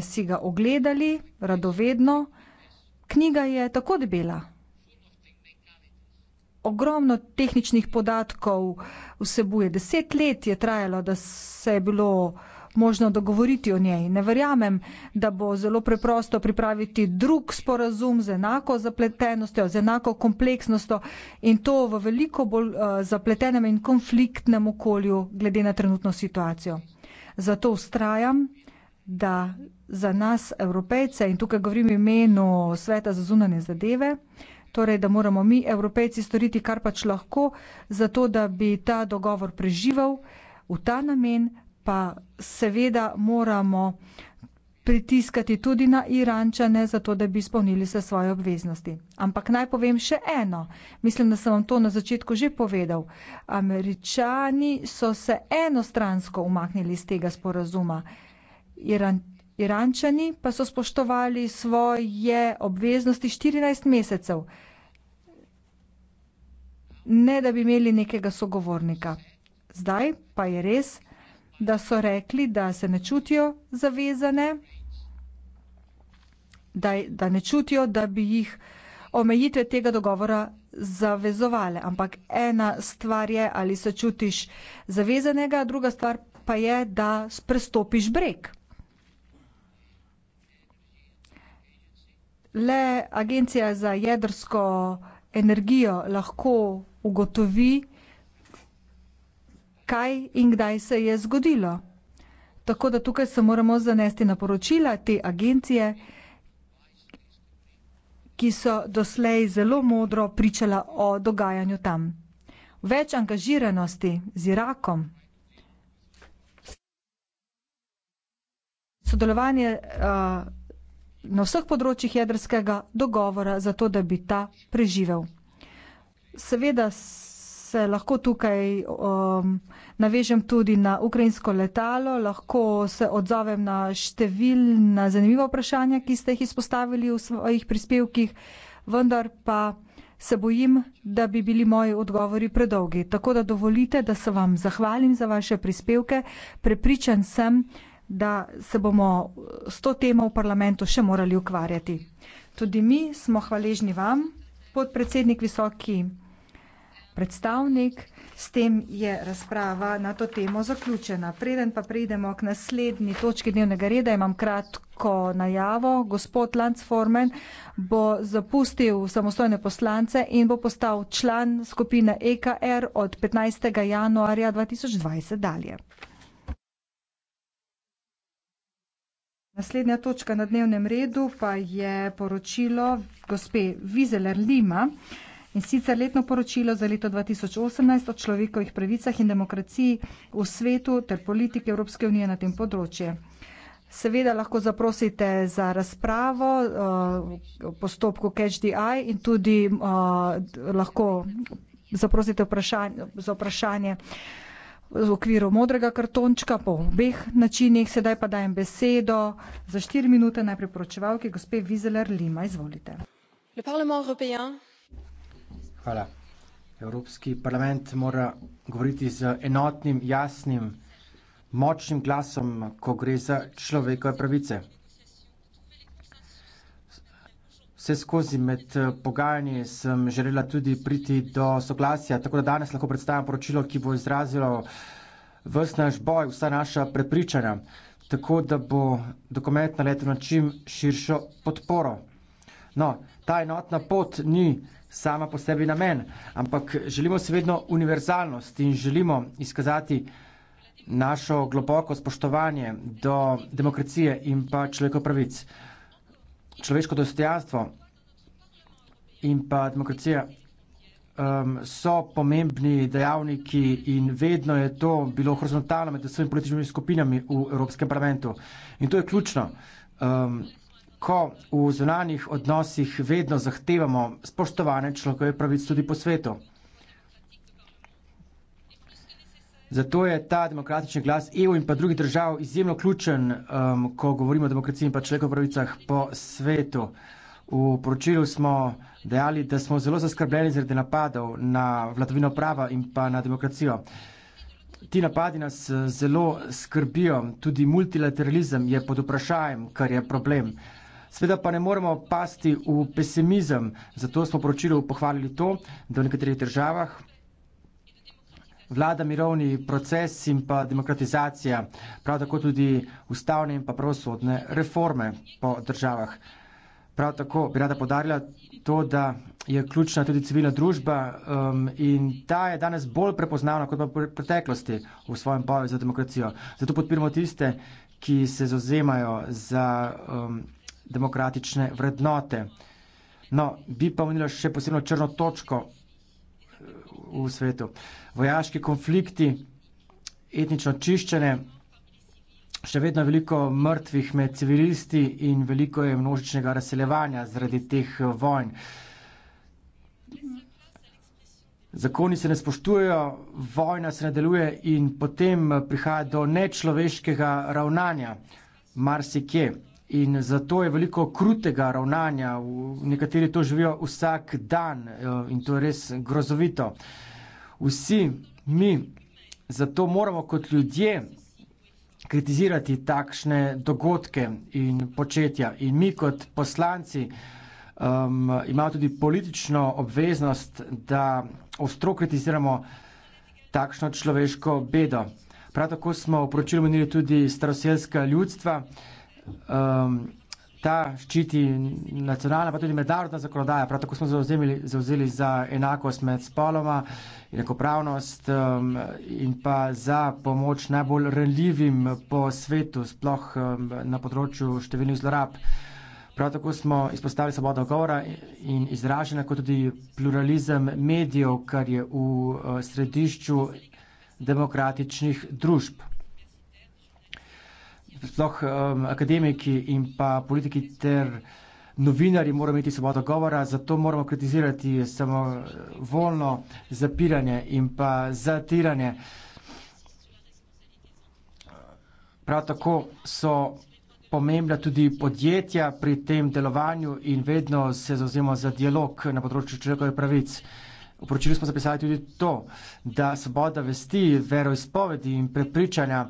si ga ogledali, radovedno. Knjiga je tako debela. Ogromno tehničnih podatkov vsebuje. Deset let je trajalo, da se je bilo možno dogovoriti o njej. Ne verjamem, da bo zelo preprosto pripraviti drug sporazum z enako zapletenostjo, z enako kompleksnostjo in to v veliko bolj eh, zapletenem in konfliktnem okolju glede na trenutno situacijo. Zato ustrajam, da za nas, evropejce, in tukaj govorim v imenu Sveta za zunanje zadeve, torej da moramo mi, evropejci, storiti kar pač lahko, zato da bi ta dogovor preživel v ta namen, pa seveda moramo pritiskati tudi na Irančane, zato da bi izpolnili vse svoje obveznosti. Ampak naj povem še eno, mislim, da sem vam to na začetku že povedal. Američani so se enostransko umaknili iz tega sporazuma. Iran Irančani pa so spoštovali svoje obveznosti 14 mesecev, ne da bi imeli nekega sogovornika. Zdaj pa je res, da so rekli, da se ne čutijo zavezane, da, da ne čutijo, da bi jih omejitve tega dogovora zavezovale. Ampak ena stvar je, ali se čutiš zavezanega, druga stvar pa je, da prestopiš breg. le Agencija za jedrsko energijo lahko ugotovi, kaj in kdaj se je zgodilo. Tako da tukaj se moramo zanesti na poročila te agencije, ki so doslej zelo modro pričala o dogajanju tam. Več angažiranosti z Irakom, sodelovanje uh, na vseh področjih jedrskega dogovora, zato da bi ta preživel. Seveda se lahko tukaj um, navežem tudi na ukrajinsko letalo, lahko se odzovem na številna zanimiva vprašanja, ki ste jih izpostavili v svojih prispevkih, vendar pa se bojim, da bi bili moji odgovori predolgi. Tako da dovolite, da se vam zahvalim za vaše prispevke. Prepričan sem, da se bomo s to temo v parlamentu še morali ukvarjati. Tudi mi smo hvaležni vam, podpredsednik visoki predstavnik, s tem je razprava na to temo zaključena. Preden pa preidemo k naslednji točki dnevnega reda, imam kratko najavo. Gospod Landsformen bo zapustil samostojne poslance in bo postal član skupine EKR od 15. januarja 2020 dalje. Naslednja točka na dnevnem redu pa je poročilo gospe Vizeler Lima in sicer letno poročilo za leto 2018 o človekovih pravicah in demokraciji v svetu ter politike Evropske unije na tem področju. Seveda lahko zaprosite za razpravo v eh, postopku Catch the Eye in tudi eh, lahko zaprosite vprašanje, za vprašanje v okviru modrega kartončka po obeh načinih, sedaj pa dajem besedo za štiri minute najprej poročevalki gospe Vizeler Lima, izvolite. Hvala. Evropski parlament mora govoriti z enotnim, jasnim, močnim glasom, ko gre za človekove pravice. Vse skozi med eh, pogajanji sem želela tudi priti do soglasja, tako da danes lahko predstavim poročilo, ki bo izrazilo vs naš boj, vsa naša prepričanja, tako da bo dokument naletel na čim širšo podporo. No, ta enotna pot ni sama po sebi namen, ampak želimo seveda univerzalnost in želimo izkazati našo globoko spoštovanje do demokracije in pa človekov pravic. Človeško dostojanstvo in pa demokracija um, so pomembni dejavniki in vedno je to bilo horizontalno med vsemi političnimi skupinami v Evropskem parlamentu. In to je ključno. Um, ko v zunanjih odnosih vedno zahtevamo spoštovane človekove pravice tudi po svetu. Zato je ta demokratični glas EU in pa drugih držav izjemno ključen, um, ko govorimo o demokraciji in pa človekovih pravicah po svetu. V poročilu smo dejali, da smo zelo zaskrbljeni zaradi napadov na vladavino prava in pa na demokracijo. Ti napadi nas eh, zelo skrbijo, tudi multilateralizem je pod vprašajem, kar je problem. Sveda pa ne moremo pasti v pesimizem, zato smo poročilu pohvalili to, da v nekaterih državah vlada mirovni proces in pa demokratizacija, prav tako tudi ustavne in pa pravosodne reforme po državah. Prav tako bi rada podarila to, da je ključna tudi civilna družba um, in ta je danes bolj prepoznavna kot pa v preteklosti v svojem boju za demokracijo. Zato podpiramo tiste, ki se zauzemajo za um, demokratične vrednote. No, bi pa omenila še posebno črno točko uh, v svetu. Vojaški konflikti, etnično čiščenje še vedno veliko mrtvih med civilisti in veliko je množičnega razseljevanja zaradi teh eh, vojn. Zakoni se ne spoštujejo, vojna se nadaljuje in potem eh, prihaja do nečloveškega ravnanja, marsikje. In zato je veliko krutega ravnanja, nekateri to živijo vsak dan eh, in to je res grozovito. Vsi mi zato moramo kot ljudje kritizirati takšne dogodke in početja. In mi kot poslanci um, imamo tudi politično obveznost, da ostro kritiziramo takšno človeško bedo. Prav tako smo v poročilu menili tudi staroselska ljudstva. Um, ta ščiti nacionalna, pa tudi mednarodna zakonodaja. Prav tako smo zauzeli, zauzeli za enakost med spoloma, enakopravnost um, in pa za pomoč najbolj renljivim po svetu, sploh um, na področju številnih zlorab. Prav tako smo izpostavili svobodo govora in izražena, kot tudi pluralizem medijev, kar je v uh, središču demokratičnih družb sploh um, akademiki in pa politiki ter novinari morajo imeti svobodo govora, zato moramo kritizirati samo volno zapiranje in pa zatiranje. Prav tako so pomembna tudi podjetja pri tem delovanju in vedno se zauzemo za dialog na področju človekovih pravic. V poročilu smo zapisali tudi to, da svoboda vesti, veroizpovedi in prepričanja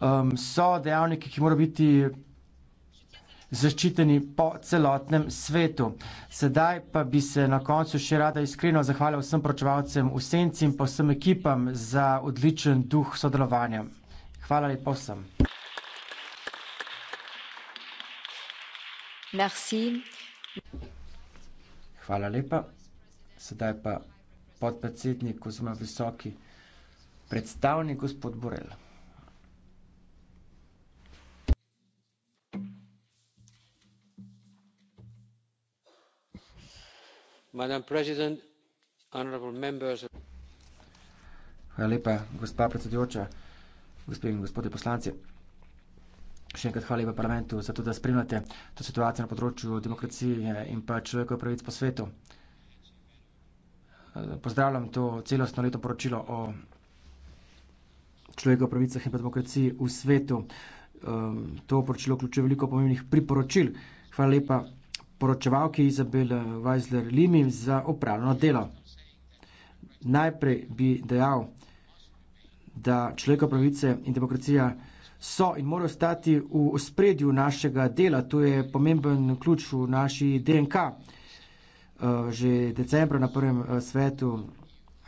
um, so dejavniki, ki morajo biti zaščiteni po celotnem svetu. Sedaj pa bi se na koncu še rada iskreno zahvalila vsem pročevalcem v senci in pa vsem ekipam za odličen duh sodelovanja. Hvala lepo vsem. Merci. Hvala lepa. Sedaj pa podpredsednik, oziroma visoki predstavnik, gospod Borel. Hvala lepa, gospa predsedujoča, gospe in gospodje poslanci. Še enkrat hvala lepa parlamentu za to, da spremljate to situacijo na področju demokracije in pa človekovih pravic po svetu. Pozdravljam to celostno leto poročilo o človekovih pravicah in pa demokraciji v svetu. Ehm, to poročilo vključuje veliko pomembnih priporočil. Hvala lepa poročevalki Izabel Weisler Limi za upravljeno delo. Najprej bi dejal, da človeka pravice in demokracija so in morajo stati v spredju našega dela. To je pomemben ključ v naši DNK. Eh, že decembra na prvem eh, svetu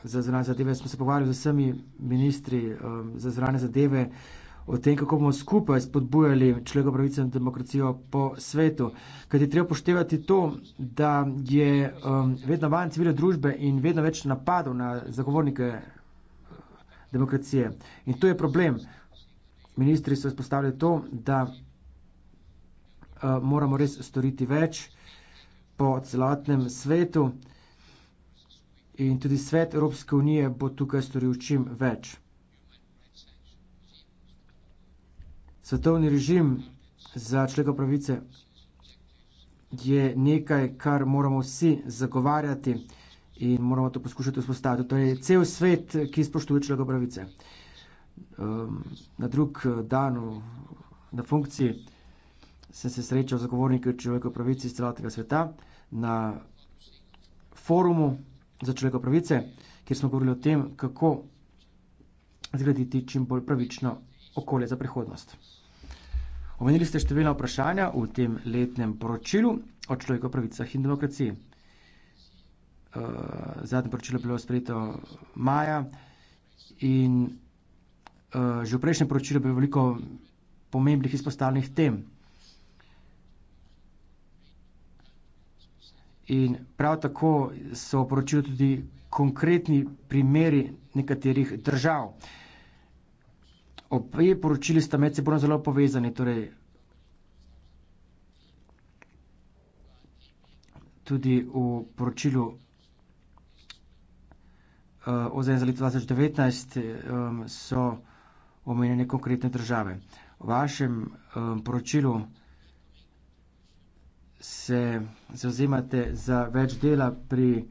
za zranje zadeve smo se pogovarjali z vsemi ministri eh, za zranje zadeve o tem, kako bomo skupaj spodbujali človekove pravice in demokracijo po svetu. Ker je treba poštevati to, da je um, vedno manj civilne družbe in vedno več napadov na zagovornike uh, demokracije. In to je problem. Ministri so izpostavili to, da uh, moramo res storiti več po celotnem svetu. In tudi svet Evropske unije bo tukaj storil čim več. svetovni režim za človekove pravice je nekaj, kar moramo vsi zagovarjati in moramo to poskušati vzpostaviti. To torej, je cel svet, ki spoštuje človekove pravice. Um, na drug eh, dan v, na funkciji sem se srečal z zagovorniki človekove pravice iz celotnega sveta na forumu za človekove pravice, kjer smo govorili o tem, kako zgraditi čim bolj pravično okolje za prihodnost. Omenili ste številna vprašanja v tem letnem poročilu o človekovih pravicah in demokraciji. Eh, zadnje poročilo je bilo sprejeto maja in eh, že v prejšnjem poročilu je bilo veliko pomembnih izpostavljenih tem. In prav tako so poročili tudi konkretni primeri nekaterih držav. Uh, obe poročili sta med seboj zelo povezani. Torej, tudi v poročilu uh, eh, OZN e za leto 2019 um, so omenjene konkretne države. V vašem um, poročilu se zauzemate za več dela pri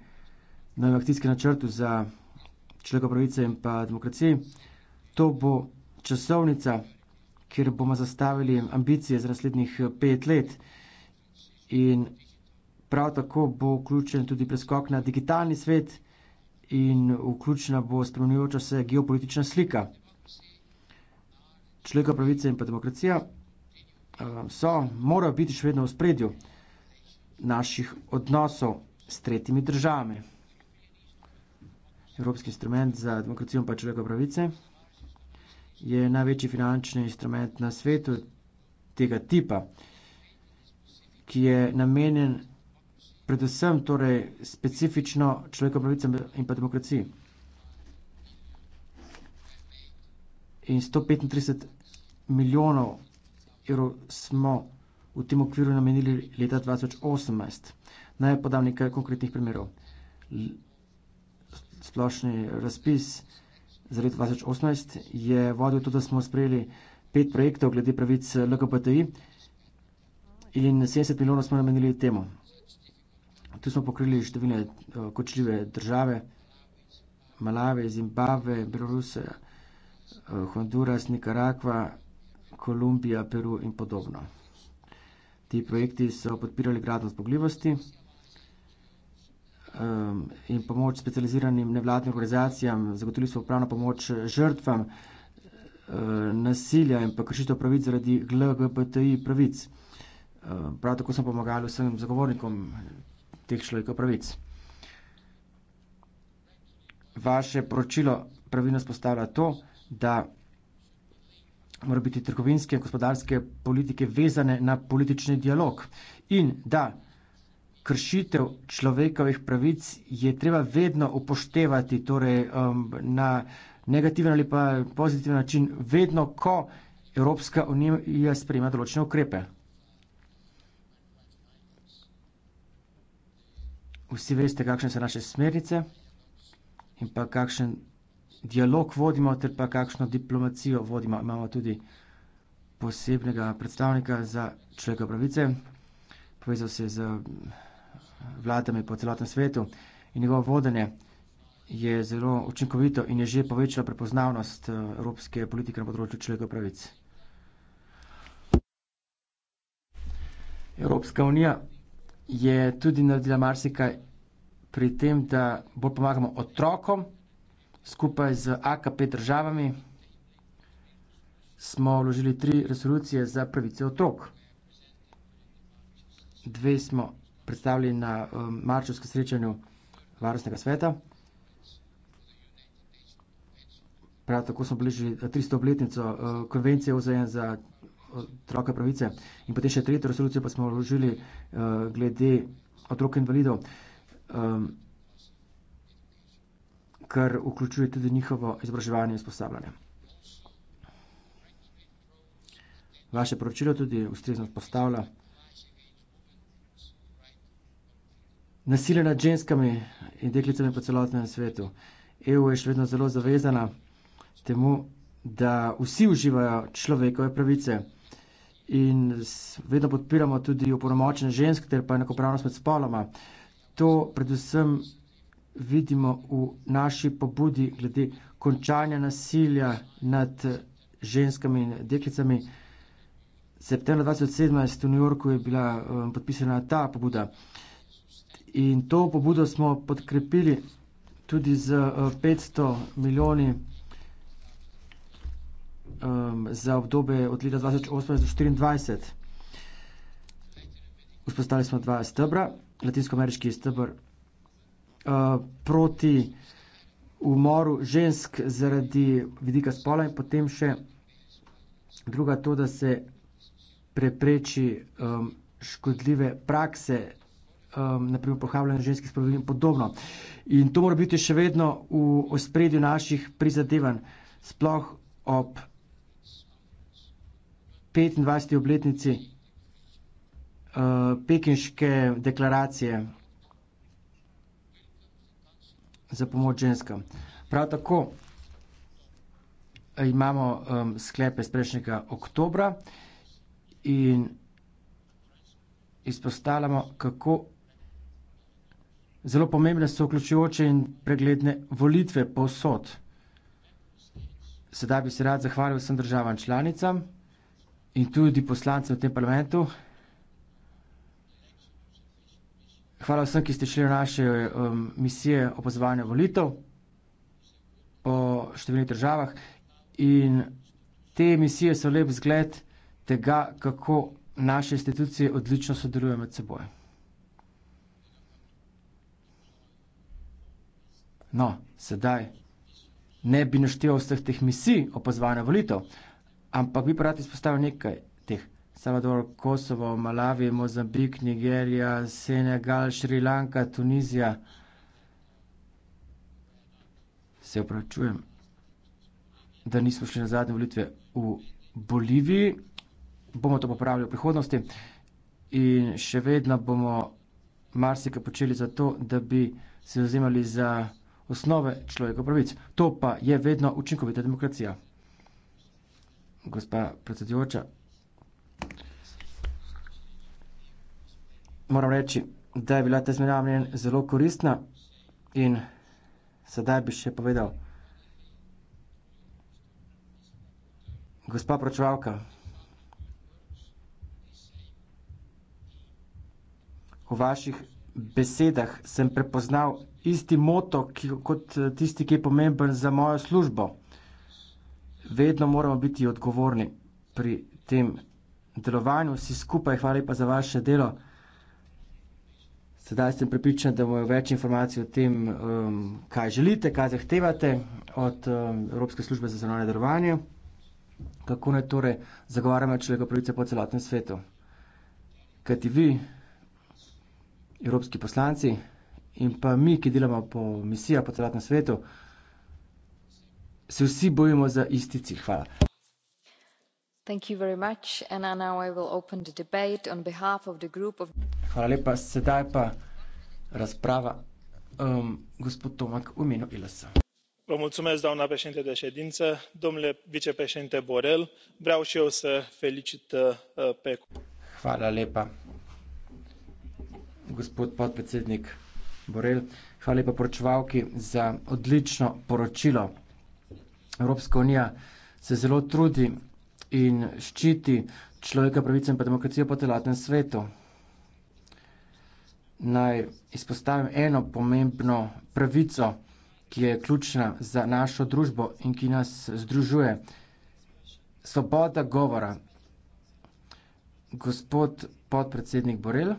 novem akcijskem načrtu za človekove pravice in pa demokracije. To bo časovnica, kjer bomo zastavili ambicije za naslednjih eh, pet let. In prav tako bo vključen tudi preskok na digitalni svet in vključena bo spremenjujoča se geopolitična slika. Človekove pravice in pa demokracija eh, so, morajo biti še vedno v spredju naših odnosov s tretjimi državami. Evropski instrument za demokracijo in pa človekove pravice je največji finančni instrument na svetu tega tipa, ki je namenjen predvsem torej specifično človekovim pravicam in pa demokraciji. In 135 milijonov evrov smo v tem okviru namenili leta 2018. Naj podam nekaj konkretnih primerov. Splošni razpis za leto 2018 je vodil to, da smo sprejeli pet projektov glede pravic LGBTI in 70 milijonov smo namenili temu. Tu smo pokrili številne eh, kočljive države, Malave, Zimbabve, Beloruse, eh, Honduras, Nikaragva, Kolumbija, Peru in podobno. Ti projekti so podpirali gradno zmogljivosti um, in pomoč specializiranim nevladnim organizacijam, zagotovili smo pravno pomoč žrtvam uh, nasilja in pa kršitev pravic zaradi LGBTI pravic. Uh, prav tako smo pomagali vsem zagovornikom teh človekov pravic. Vaše poročilo pravilno spostavlja to, da mora biti trgovinske in gospodarske politike vezane na politični dialog in da kršitev človekovih pravic je treba vedno upoštevati, torej um, na negativen ali pa pozitiven način, vedno, ko Evropska unija sprejema določene ukrepe. Vsi veste, kakšne so naše smernice in pa kakšen dialog vodimo, ter pa kakšno diplomacijo vodimo. Imamo tudi posebnega predstavnika za človekove pravice, povezal se z vladami po celotnem svetu in njegovo vodenje je zelo učinkovito in je že povečalo prepoznavnost eh, evropske politike na področju človekovih pravic. Evropska unija je tudi naredila marsikaj pri tem, da bolj pomagamo otrokom skupaj z AKP državami. Smo vložili tri resolucije za pravice otrok. Dve smo predstavili na um, marčevskem srečanju Varnostnega sveta. Prav tako smo bili že 300 eh, obletnico eh, konvencije OZN za eh, otroke pravice in potem še tretjo resolucijo pa smo vložili glede otrok invalidov, um, kar vključuje tudi njihovo izobraževanje in izpostavljanje. Vaše poročilo tudi ustrezno postavlja. nasilje nad ženskami in deklicami po celotnem svetu. EU je še vedno zelo zavezana temu, da vsi uživajo človekove pravice in vedno podpiramo tudi uporomočenje žensk ter pa enakopravnost med spoloma. To predvsem vidimo v naši pobudi glede končanja nasilja nad ženskami in deklicami. Septembra 2017 v New Yorku je bila um, podpisana ta pobuda. In to pobudo smo podkrepili tudi z 500 eh, milijoni um, za obdobje od leta 2018 do 2024. Vzpostavili smo dva stebra, latinsko-ameriški stebr uh, proti umoru žensk zaradi vidika spola in potem še druga to, da se prepreči um, škodljive prakse um, naprimer pohabljanje ženskih spolov in podobno. In to mora biti še vedno v ospredju naših prizadevanj, sploh ob 25. obletnici uh, pekinške deklaracije za pomoč ženskam. Prav tako eh, imamo um, sklepe iz prejšnjega oktobra in izpostavljamo, kako Zelo pomembne so vključujoče in pregledne volitve posod. Sedaj bi se rad zahvalil vsem državam članicam in tudi poslancem v tem parlamentu. Hvala vsem, ki ste šli v naše um, misije opozvanja volitev po številnih državah in te misije so lep zgled tega, kako naše institucije odlično sodelujejo med seboj. No, sedaj ne bi naštel vseh teh misij opozvanja volitev, ampak bi pa rad izpostavil nekaj teh. Salvador, Kosovo, Malavi, Mozambik, Nigerija, Senegal, Šrilanka, Tunizija. Se upravičujem, da nismo šli na zadnje volitve v Boliviji. Bomo to popravili v prihodnosti in še vedno bomo marsikaj počeli za to, da bi se zauzemali za osnove človekov pravic. To pa je vedno učinkovita demokracija. Gospa predsedujoča, moram reči, da je bila ta zmenjava zelo koristna in sedaj bi še povedal, gospa pročevalka, v vaših besedah sem prepoznal isti moto ki, kot eh, tisti, ki je pomemben za mojo službo. Vedno moramo biti odgovorni pri tem delovanju. Vsi skupaj hvala lepa za vaše delo. Sedaj sem prepričan, da bomo več informacij o tem, um, kaj želite, kaj zahtevate od um, Evropske službe za zonalne delovanje, kako naj torej zagovarjamo človekove pravice po celotnem svetu. Kajti vi, evropski poslanci in pa mi, ki delamo po misijah po celotnem svetu, se vsi bojimo za isti cilj. Hvala. Hvala lepa. Sedaj pa razprava um, gospod Tomak v imenu ILS. Vă mulțumesc, doamna președinte de ședință, domnule vicepreședinte Borel. Vreau și eu să felicit uh, pe. Hvala lepa gospod podpredsednik Borel. Hvala lepa poročevalki za odlično poročilo. Evropska unija se zelo trudi in ščiti človeka pravice in pa demokracijo po telatnem svetu. Naj izpostavim eno pomembno pravico, ki je ključna za našo družbo in ki nas združuje. Svoboda govora. Gospod podpredsednik Borel.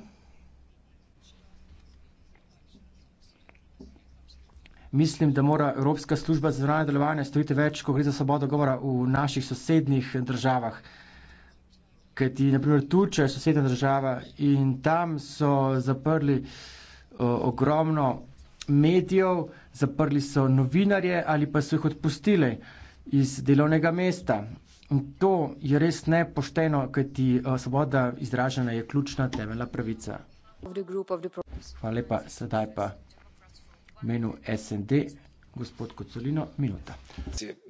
Mislim, da mora Evropska služba za zunanje delovanje storiti več, ko gre za svobodo govora v naših sosednjih državah. Ker ti, naprimer, Turčija je sosednja država in tam so zaprli o, ogromno medijev, zaprli so novinarje ali pa so jih odpustili iz delovnega mesta. In to je res nepošteno, ker ti svoboda izražena je ključna temeljna pravica. Hvala lepa, sedaj pa meno SND. Gospod Cozzolino, minuta.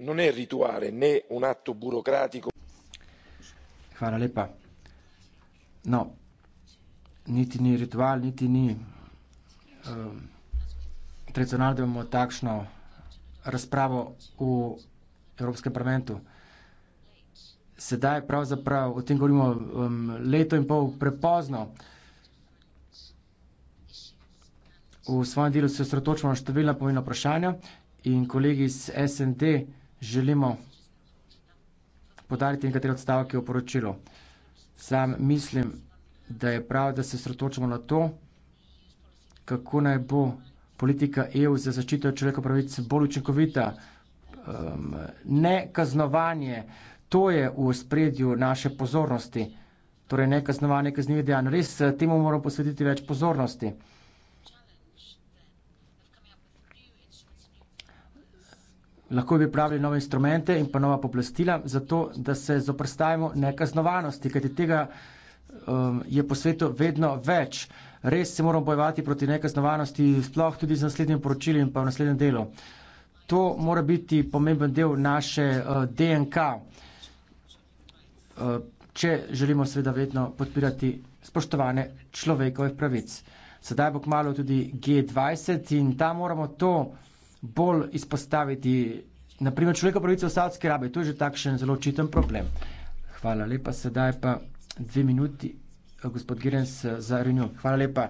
Non è rituale né un atto burocratico. Hvala lepa. No, niti ni ritual, niti ni. Um, ehm, tradicionalno da imamo takšno razpravo v Evropskem parlamentu. Sedaj pravzaprav o tem govorimo um, leto in pol prepozno. Uh, V svojem delu se osredotočamo na številna pomembna vprašanja in kolegi iz SND želimo podariti nekatere odstavke v poročilo. Sam mislim, da je prav, da se osredotočamo na to, kako naj bo politika EU za zaščito človekovih pravic bolj učinkovita. Um, ne kaznovanje, to je v spredju naše pozornosti. Torej, ne kaznovanje kaznivih dejanj. Res temu moramo posvetiti več pozornosti. Lahko bi pravili nove instrumente in pa nova poplastila, zato da se zoprstavimo nekaznovanosti, kajti tega um, je po svetu vedno več. Res se moramo bojevati proti nekaznovanosti, sploh tudi z naslednjim poročilom in pa v naslednjem delu. To mora biti pomemben del naše uh, DNK, uh, če želimo seveda vedno podpirati spoštovane človekove pravic. Sedaj bo kmalo tudi G20 in tam moramo to bolj izpostaviti, naprimer, človekove pravice v Saudski Arabiji. To je že takšen zelo očiten problem. Hvala lepa, sedaj pa dve minuti, eh, gospod Girens, eh, za Renew. Hvala lepa.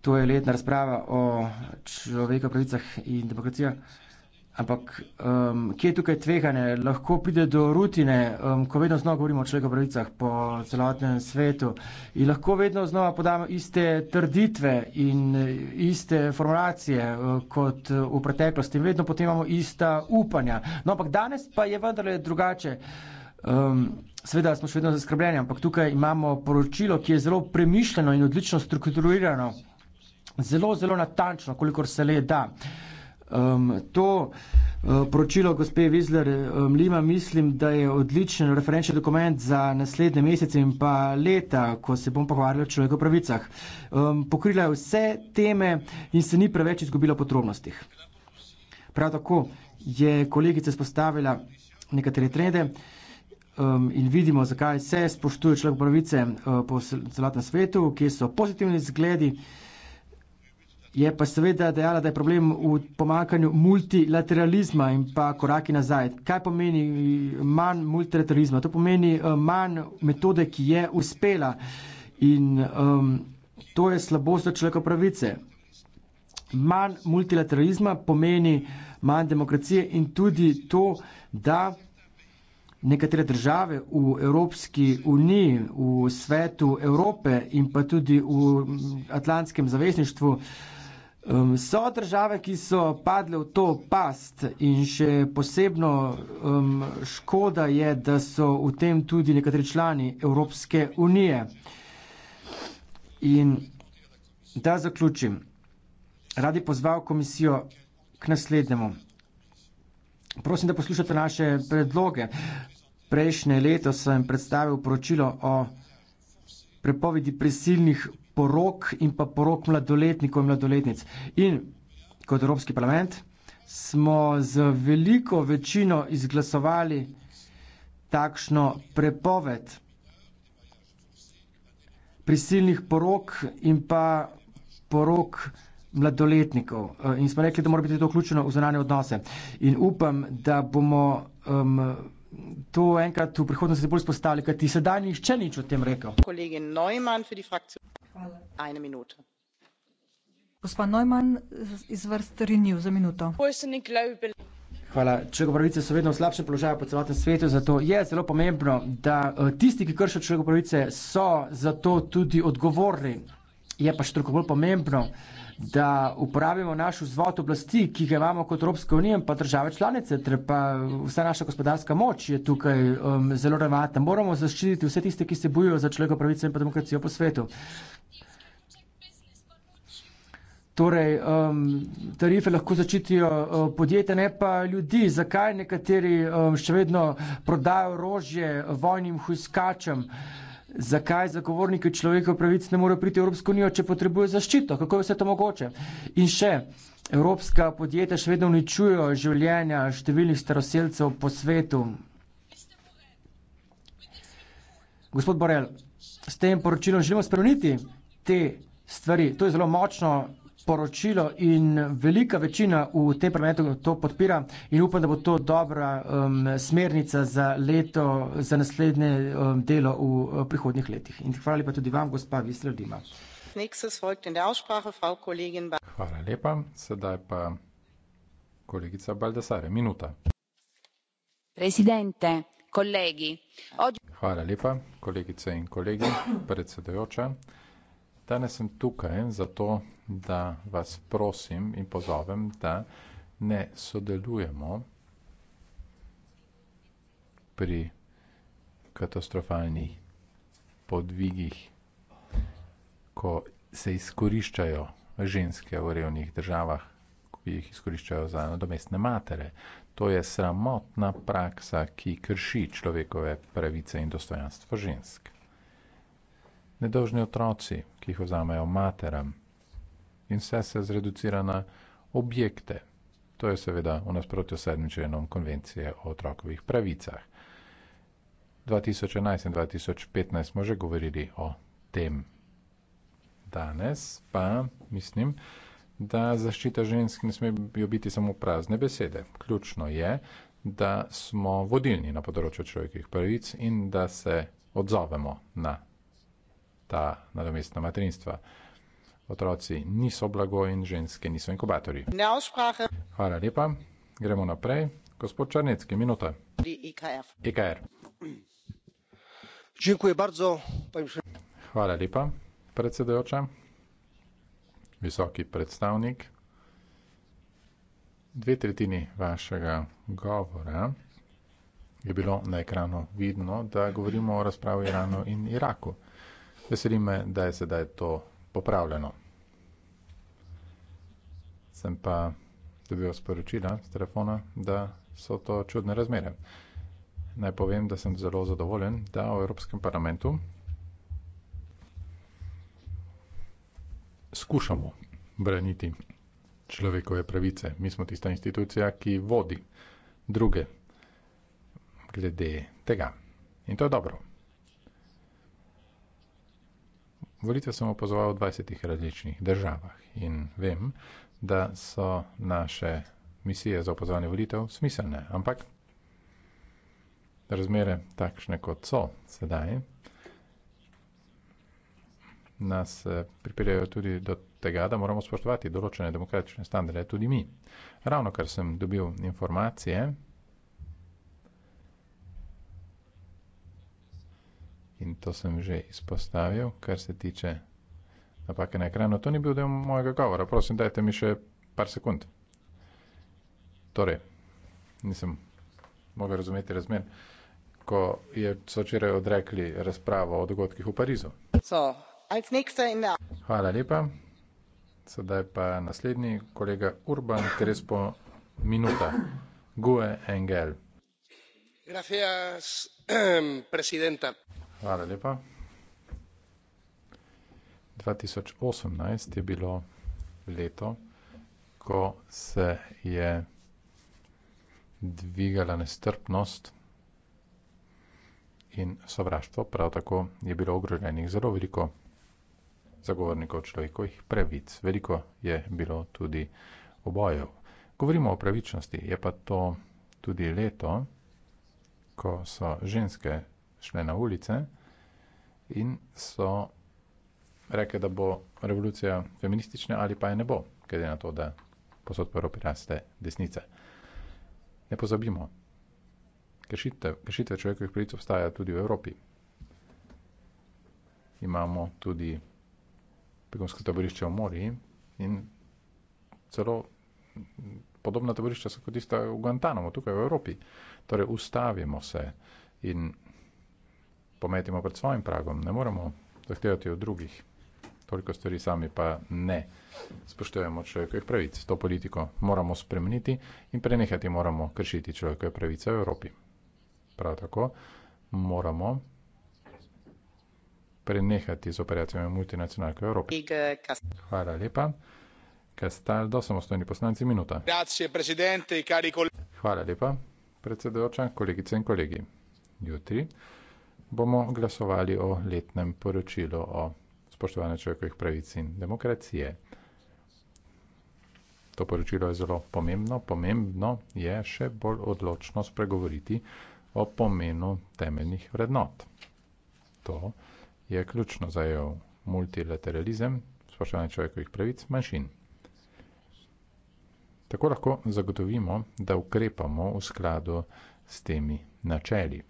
To je letna razprava o človekovih pravicah in demokracijah. Ampak um, kje je tukaj tveganje? Lahko pride do rutine, um, ko vedno znova govorimo o človekovih pravicah po celotnem svetu in lahko vedno znova podamo iste trditve in eh, iste formulacije uh, kot eh, v preteklosti in vedno potem imamo ista upanja. No, ampak danes pa je vendarle drugače. Um, Sveda smo še vedno zaskrbljeni, ampak tukaj imamo poročilo, ki je zelo premišljeno in odlično strukturirano, zelo, zelo natančno, kolikor se le da. Uh, Um, to uh, poročilo gospe Vizler um, Lima mislim, da je odličen referenčni dokument za naslednje mesece in pa leta, ko se bom pogovarjal o človekov pravicah. Um, pokrila je vse teme in se ni preveč izgubila podrobnostih. Prav tako je kolegica spostavila nekatere trende um, in vidimo, zakaj se spoštuje človekov pravice uh, po celotnem svetu, kje so pozitivni zgledi. Je pa seveda dejala, da je problem v pomankanju multilateralizma in pa koraki nazaj. Kaj pomeni eh, manj multilateralizma? To pomeni eh, manj metode, ki je uspela in um, to je slabost za človeka pravice. Manj multilateralizma pomeni manj demokracije in tudi to, da nekatere države v Evropski uniji, v svetu Evrope in pa tudi v Atlantskem zavezništvu uh, Um, so države, ki so padle v to past in še posebno um, škoda je, da so v tem tudi nekateri člani Evropske unije. In da zaključim, radi pozval komisijo k naslednjemu. Prosim, da poslušate naše predloge. Prejšnje leto sem predstavil poročilo o prepovedi prisilnih porok in pa porok mladoletnikov in mladoletnic. In kot Evropski parlament smo z veliko večino izglasovali takšno prepoved prisilnih porok in pa porok mladoletnikov. Eh, in smo rekli, da mora biti to vključeno v zunanje odnose. In upam, da bomo um, to enkrat v prihodnosti bolj izpostavili, kajti sedaj ni nihče nič o tem rekel. Hvala. Človekove pravice so vedno v slabšem položaju po celotnem svetu, zato je zelo pomembno, da eh, tisti, ki kršijo človekove pravice, so za to tudi odgovorni. Je pa še toliko bolj pomembno, da uporabimo naš vzvod oblasti, ki ga imamo kot Evropska unija, pa države članice, ter pa vsa naša gospodarska moč je tukaj um, zelo relevantna. Moramo zaščititi vse tiste, ki se bojijo za človekov pravice in pa demokracijo po svetu. Torej, um, tarife lahko začitijo uh, podjetja, ne pa ljudi. Zakaj nekateri um, še vedno prodajo orožje vojnim huiskačem? Uh, zakaj zagovorniki človekov pravic ne morejo priti v Evropsko unijo, če potrebuje zaščito, kako je vse to mogoče. In še, evropska podjetja še vedno uničujo življenja številnih staroseljcev po svetu. Gospod Borel, s tem poročilom želimo spremeniti te stvari. To je zelo močno poročilo in velika večina v tem parlamentu to podpira in upam, da bo to dobra um, smernica za leto, za naslednje um, delo v uh, prihodnjih letih. In hvala lepa tudi vam, gospa Visla Dima. Hvala lepa. Sedaj pa kolegica Baldasare. Minuta. Presidente, kolegi. Hvala lepa, kolegice in kolegi, predsedujoča. Danes sem tukaj zato, da vas prosim in pozovem, da ne sodelujemo pri katastrofalnih podvigih, ko se izkoriščajo ženske v revnih državah, ko jih izkoriščajo za nadomestne matere. To je sramotna praksa, ki krši človekove pravice in dostojanstvo žensk. Nedožni otroci, jih vzamejo materam. In vse se zreducira na objekte. To je seveda v nasprotju s sedmim členom konvencije o otrokovih pravicah. 2011 in 2015 smo že govorili o tem. Danes pa mislim, da zaščita žensk ne sme biti samo prazne besede. Ključno je, da smo vodilni na področju človekovih pravic in da se odzovemo na ta nadomestna materinstva. Otroci niso blago in ženske niso inkubatorji. Hvala lepa. Gremo naprej. Gospod Črnecki, minuta. IKR. E e Hvala lepa, predsedujoča. Visoki predstavnik. Dve tretjini vašega govora je bilo na ekranu vidno, da govorimo o razpravi o Iranu in Iraku. Veseli me, da je sedaj to popravljeno. Sem pa dobil sporočila z telefona, da so to čudne razmere. Naj povem, da sem zelo zadovoljen, da v Evropskem parlamentu skušamo braniti človekove pravice. Mi smo tista institucija, ki vodi druge glede tega. In to je dobro. Volitve sem opozoril v 20 različnih državah in vem, da so naše misije za opozovanje volitev smiselne, ampak razmere takšne, kot so sedaj, nas eh, pripeljajo tudi do tega, da moramo spoštovati določene demokratične standarde tudi mi. Ravno kar sem dobil informacije, in to sem že izpostavil, kar se tiče napake na ekranu. To ni bil del mojega govora, prosim, dajte mi še par sekund. Torej, nisem mogel razumeti razmer, ko je, so včeraj odrekli razpravo o dogodkih v Parizu. So, Hvala lepa. Sedaj pa naslednji kolega Urban, ker je spo minuta. Gue Engel. Gracias, presidenta. Hvala lepa. 2018 je bilo leto, ko se je dvigala nestrpnost in sovraštvo. Prav tako je bilo ogroženih zelo veliko zagovornikov človekovih pravic. Veliko je bilo tudi obojev. Govorimo o pravičnosti, je pa to tudi leto, ko so ženske šle na ulice in so rekli, da bo revolucija feministična ali pa je ne bo, glede na to, da posod po Evropi raste desnice. Ne pozabimo, kršitve človekovih pravic obstaja tudi v Evropi. Imamo tudi begunsko taborišče v Mori in celo podobna taborišča so kot tista v Guantanamo, tukaj v Evropi. Torej, ustavimo se in pometimo pred svojim pragom, ne moremo zahtevati od drugih. Toliko stvari sami pa ne spoštujemo človekovih pravic. To politiko moramo spremeniti in prenehati moramo kršiti človekove pravice v Evropi. Prav tako moramo prenehati z operacijami multinacionalk v Evropi. Hvala lepa. Castaldo, samostojni poslanci, minuta. Hvala lepa, predsedujoča, kolegice in kolegi. Jutri bomo glasovali o letnem poročilu o spoštovanju človekovih pravic in demokracije. To poročilo je zelo pomembno, pomembno je še bolj odločno spregovoriti o pomenu temeljnih vrednot. To je ključno za jo e multilateralizem, spoštovanje človekovih pravic manjšin. Tako lahko zagotovimo, da ukrepamo v skladu s temi načeli.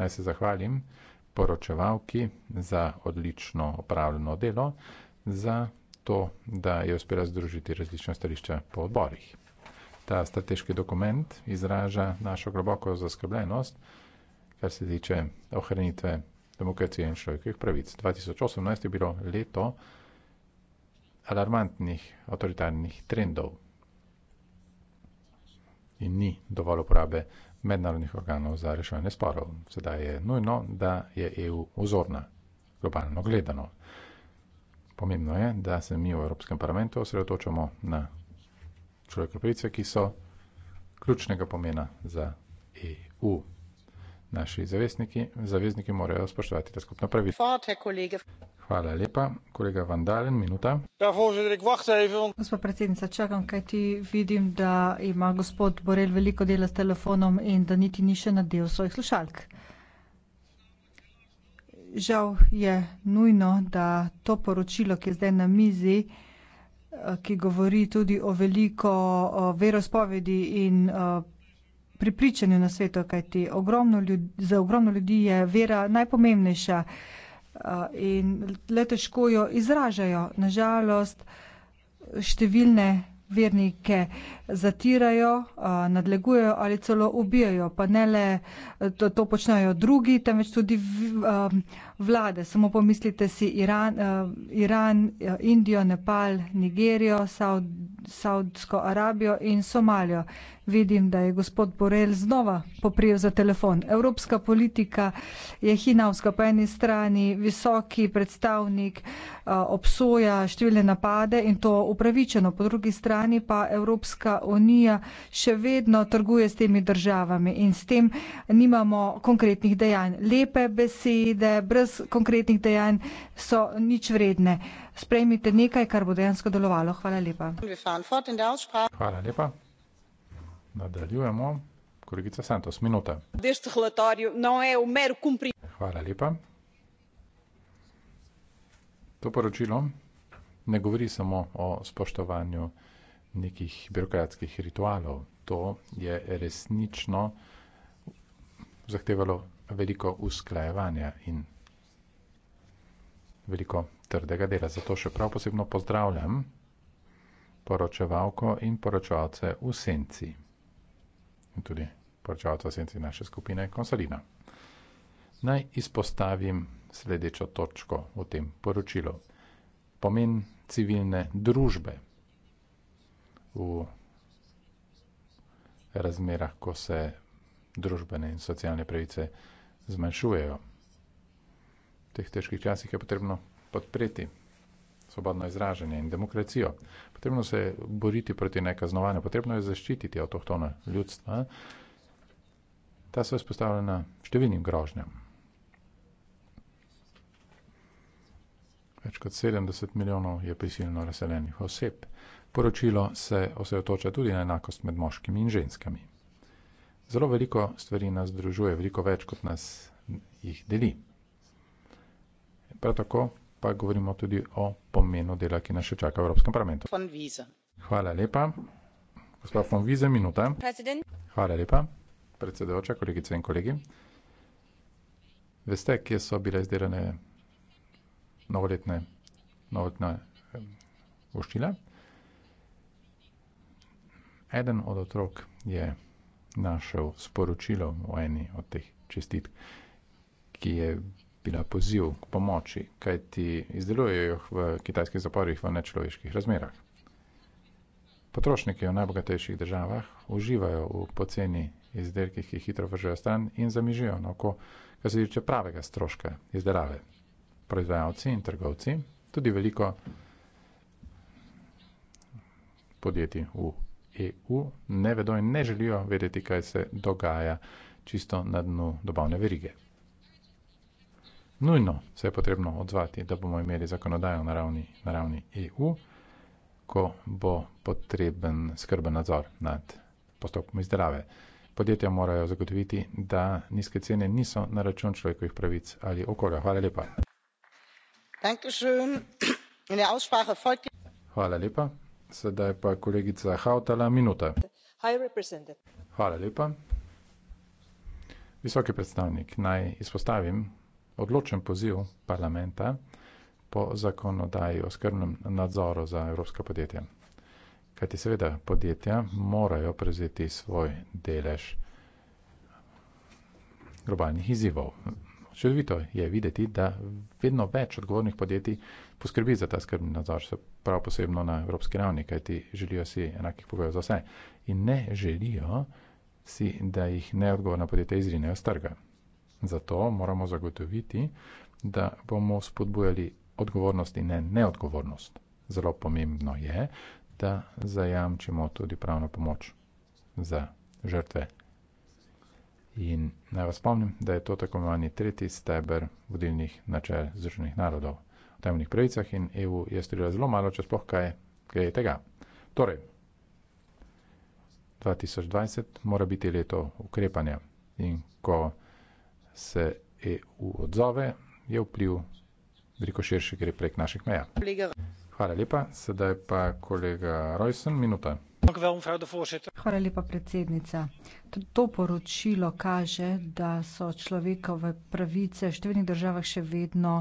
Naj se zahvalim poročevalki za odlično opravljeno delo, za to, da je uspela združiti različna stališča po odborih. Ta strateški dokument izraža našo globoko zaskrbljenost, kar se tiče ohranitve demokracije in človekovih pravic. 2018 je bilo leto alarmantnih avtoritarnih trendov in ni dovolj uporabe mednarodnih organov za reševanje sporov. Sedaj je nujno, da je EU ozorna, globalno gledano. Pomembno je, da se mi v Evropskem parlamentu osredotočamo na človekove pravice, ki so ključnega pomena za EU. Naši zavezniki morajo spoštovati ta skupna pravica. Hvala lepa. Kolega Vandalen, minuta. Ja, voorzitter, ik wacht even. Gospod predsednica, čakam, kaj ti vidim, da ima gospod Borel veliko dela s telefonom in da niti ni še nadel svojih slušalk. Žal je nujno, da to poročilo, ki je zdaj na mizi, eh, ki govori tudi o veliko verospovedi in eh, pripričanju na svetu, kajti ljud, za ogromno ljudi je vera najpomembnejša in le težko jo izražajo. Nažalost, številne vernike uh, zatirajo, nadlegujejo ali celo ubijajo. Pa ne le e, to, to počnejo drugi, temveč tudi e, vlade. Samo pomislite si Iran, e, Iran Indijo, Nepal, Nigerijo, Saud, Saudsko Arabijo in Somalijo. Vidim, da je gospod Borel znova poprijel za telefon. Evropska politika je hinavska po eni strani, visoki predstavnik obsoja številne napade in to upravičeno, po drugi strani pa Evropska unija še vedno trguje s temi državami in s tem nimamo konkretnih dejanj. Lepe besede brez konkretnih dejanj so nič vredne. Sprejmite nekaj, kar bo dejansko delovalo. Hvala lepa. Hvala lepa. Nadaljujemo. Kolegica Santos, minuta. Um Hvala lepa. To poročilo ne govori samo o spoštovanju nekih birokratskih ritualov. To je resnično zahtevalo veliko usklajevanja in veliko trdega dela. Zato še prav posebno pozdravljam poročevalko in poročevalce v senci. In tudi poročevalce v senci naše skupine Konsolina. Naj izpostavim sledečo točko v tem poročilu. Pomen civilne družbe v razmerah, ko se družbene in socialne pravice zmanjšujejo. V teh težkih časih je potrebno podpreti svobodno izražanje in demokracijo. Potrebno se je boriti proti nekaznovanju, potrebno je zaščititi avtohtone ljudstva. Ta so izpostavljena številnim grožnjam. Več kot 70 milijonov je prisilno razseljenih oseb. Poročilo se osredotoča tudi na enakost med moškimi in ženskami. Zelo veliko stvari nas združuje, veliko več kot nas jih deli. Prav tako pa govorimo tudi o pomenu dela, ki nas še čaka v Evropskem parlamentu. Hvala lepa. Gospod von Vize, minuta. President. Hvala lepa, predsedujoča, kolegice in kolegi. Veste, kje so bile izdelane novoletne, novoletne eh, voščile? Um, eden od otrok je našel sporočilo v eni od teh čestitk, ki je bila poziv k pomoči, kaj ti izdelujejo v kitajskih zaporih v nečloveških razmerah. Potrošniki v najbogatejših državah uživajo v poceni izdelkih, ki jih hitro vržejo stran in zamižijo na no, oko, kar se tiče pravega stroška izdelave. Proizvajalci in trgovci, tudi veliko podjetij v EU ne vedo in ne želijo vedeti, kaj se dogaja čisto na dnu dobavne verige. Nujno se je potrebno odzvati, da bomo imeli zakonodajo na ravni, na ravni EU, ko bo potreben skrben nadzor nad postopkom izdelave. Podjetja morajo zagotoviti, da nizke cene niso na račun človekovih pravic ali okolja. Hvala lepa. Hvala lepa. Sedaj pa kolegica Hautala, minuta. Hvala lepa. Visoki predstavnik, naj izpostavim odločen poziv parlamenta po zakonodaji o skrbnem nadzoru za evropska podjetja. Kajti seveda podjetja morajo prevzeti svoj delež globalnih izzivov. Čudovito je videti, da vedno več odgovornih podjetij poskrbi za ta skrbni nadzor, še prav posebno na evropski ravni, kajti želijo si enakih pogojev za vse. In ne želijo si, da jih neodgovorna podjetja izrinejo z trga. Zato moramo zagotoviti, da bomo spodbujali odgovornost in ne neodgovornost. Zelo pomembno je, da zajamčimo tudi pravno pomoč za žrtve In naj vas spomnim, da je to tako imenovani tretji steber vodilnih načel Združenih narodov o temeljnih pravicah in EU je storila zelo malo, če sploh kaj je tega. Torej, 2020 mora biti leto ukrepanja in ko se EU odzove, je vpliv veliko širši, gre prek naših meja. Hvala lepa, sedaj pa kolega Rojsen, minuta. Hvala lepa, predsednica. To poročilo kaže, da so človekove pravice v številnih državah še vedno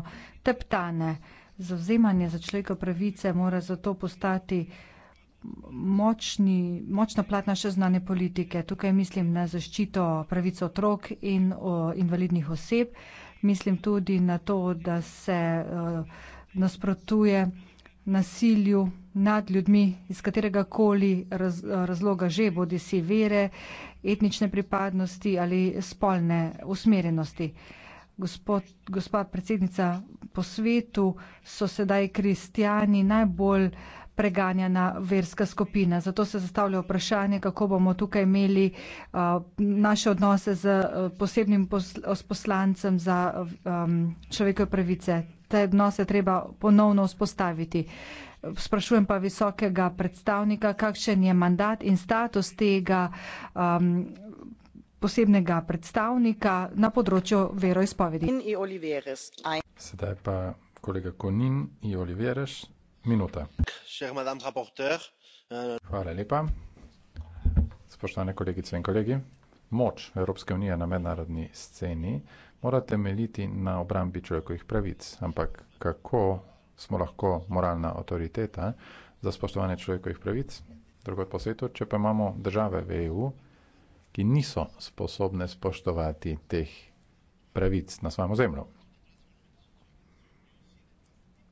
teptane. Zavzemanje za človekove pravice mora zato postati močni, močna plat naše znane politike. Tukaj mislim na zaščito pravic otrok in invalidnih oseb. Mislim tudi na to, da se nasprotuje nasilju nad ljudmi iz katerega koli raz, razloga že, bodi si vere, etnične pripadnosti ali spolne usmerjenosti. Gospod, gospa predsednica, po svetu so sedaj kristijani najbolj preganjana verska skupina. Zato se zastavlja vprašanje, kako bomo tukaj imeli uh, naše odnose z posebnim pos, poslancem za um, človekove pravice. Te odnose treba ponovno vzpostaviti. Uh, Sprašujem pa visokega predstavnika, kakšen je mandat in status tega um, posebnega predstavnika na področju veroizpovedi. Sedaj pa kolega Konin in Oliveres, minuta. Euh, Hvala lepa. Spoštovane kolegice in kolegi, moč Evropske unije na mednarodni sceni mora temeljiti na obrambi človekovih pravic, ampak kako smo lahko moralna autoriteta za spoštovanje človekovih pravic, drugo po svetu, če pa imamo države v EU, ki niso sposobne spoštovati teh pravic na svojem ozemlju.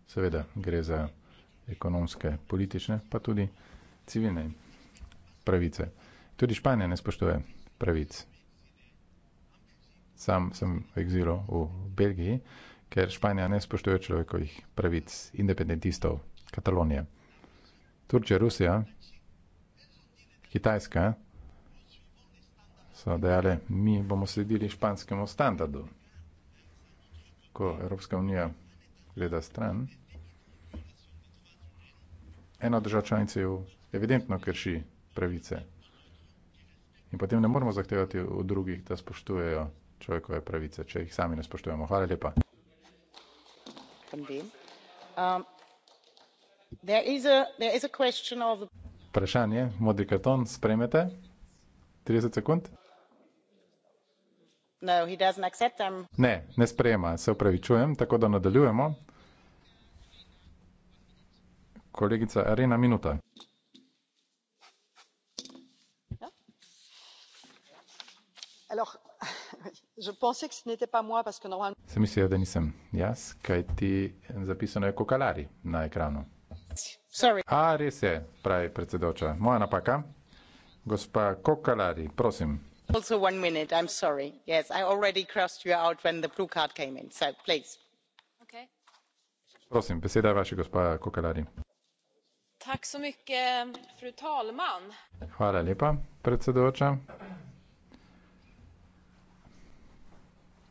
Seveda gre za ekonomske, politične, pa tudi civilne pravice. Tudi Španija ne spoštuje pravic. Sam sem v exilu v Belgiji, ker Španija ne spoštuje človekovih pravic, independentistov, Katalonije. Turčija, Rusija, Kitajska so dejali, mi bomo sledili španskemu standardu. Ko Evropska unija gleda stran, ena država članice jo evidentno krši pravice. In potem ne moramo zahtevati od drugih, da spoštujejo človekove pravice, če jih sami ne spoštujemo. Hvala lepa. Um, vprašanje modri karton sprejmete trideset sekund no, ne ne sprejema se opravičujem tako da nadaljujemo kolegica arena minuta ja je pensais que ce n'était pas moi parce que normalement. Sem mislil, da nisem jaz, kaj ti zapisano je kokalari na ekranu. Sorry. A res je, pravi predsedoča. Moja napaka. Gospa Kokalari, prosim. Also one minute, I'm sorry. Yes, I already crossed you out when the blue card came in, so please. Okay. Prosim, beseda je vaša, gospa Kokalari. Tak so mycket, fru talman. Hvala lepa, predsedoča.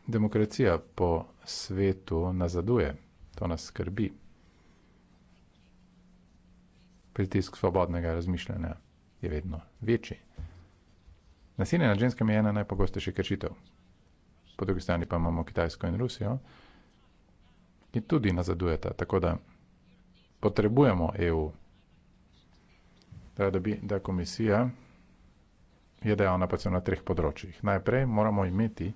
demokracija po svetu nazaduje. To nas skrbi. Pritisk svobodnega razmišljanja je vedno večji. Nasilje nad ženskami je ena najpogostejših kršitev. Po drugi strani pa imamo Kitajsko in Rusijo, ki tudi nazadujeta, tako da potrebujemo EU. Da, da bi, da komisija je dejavna pač na treh področjih. Najprej moramo imeti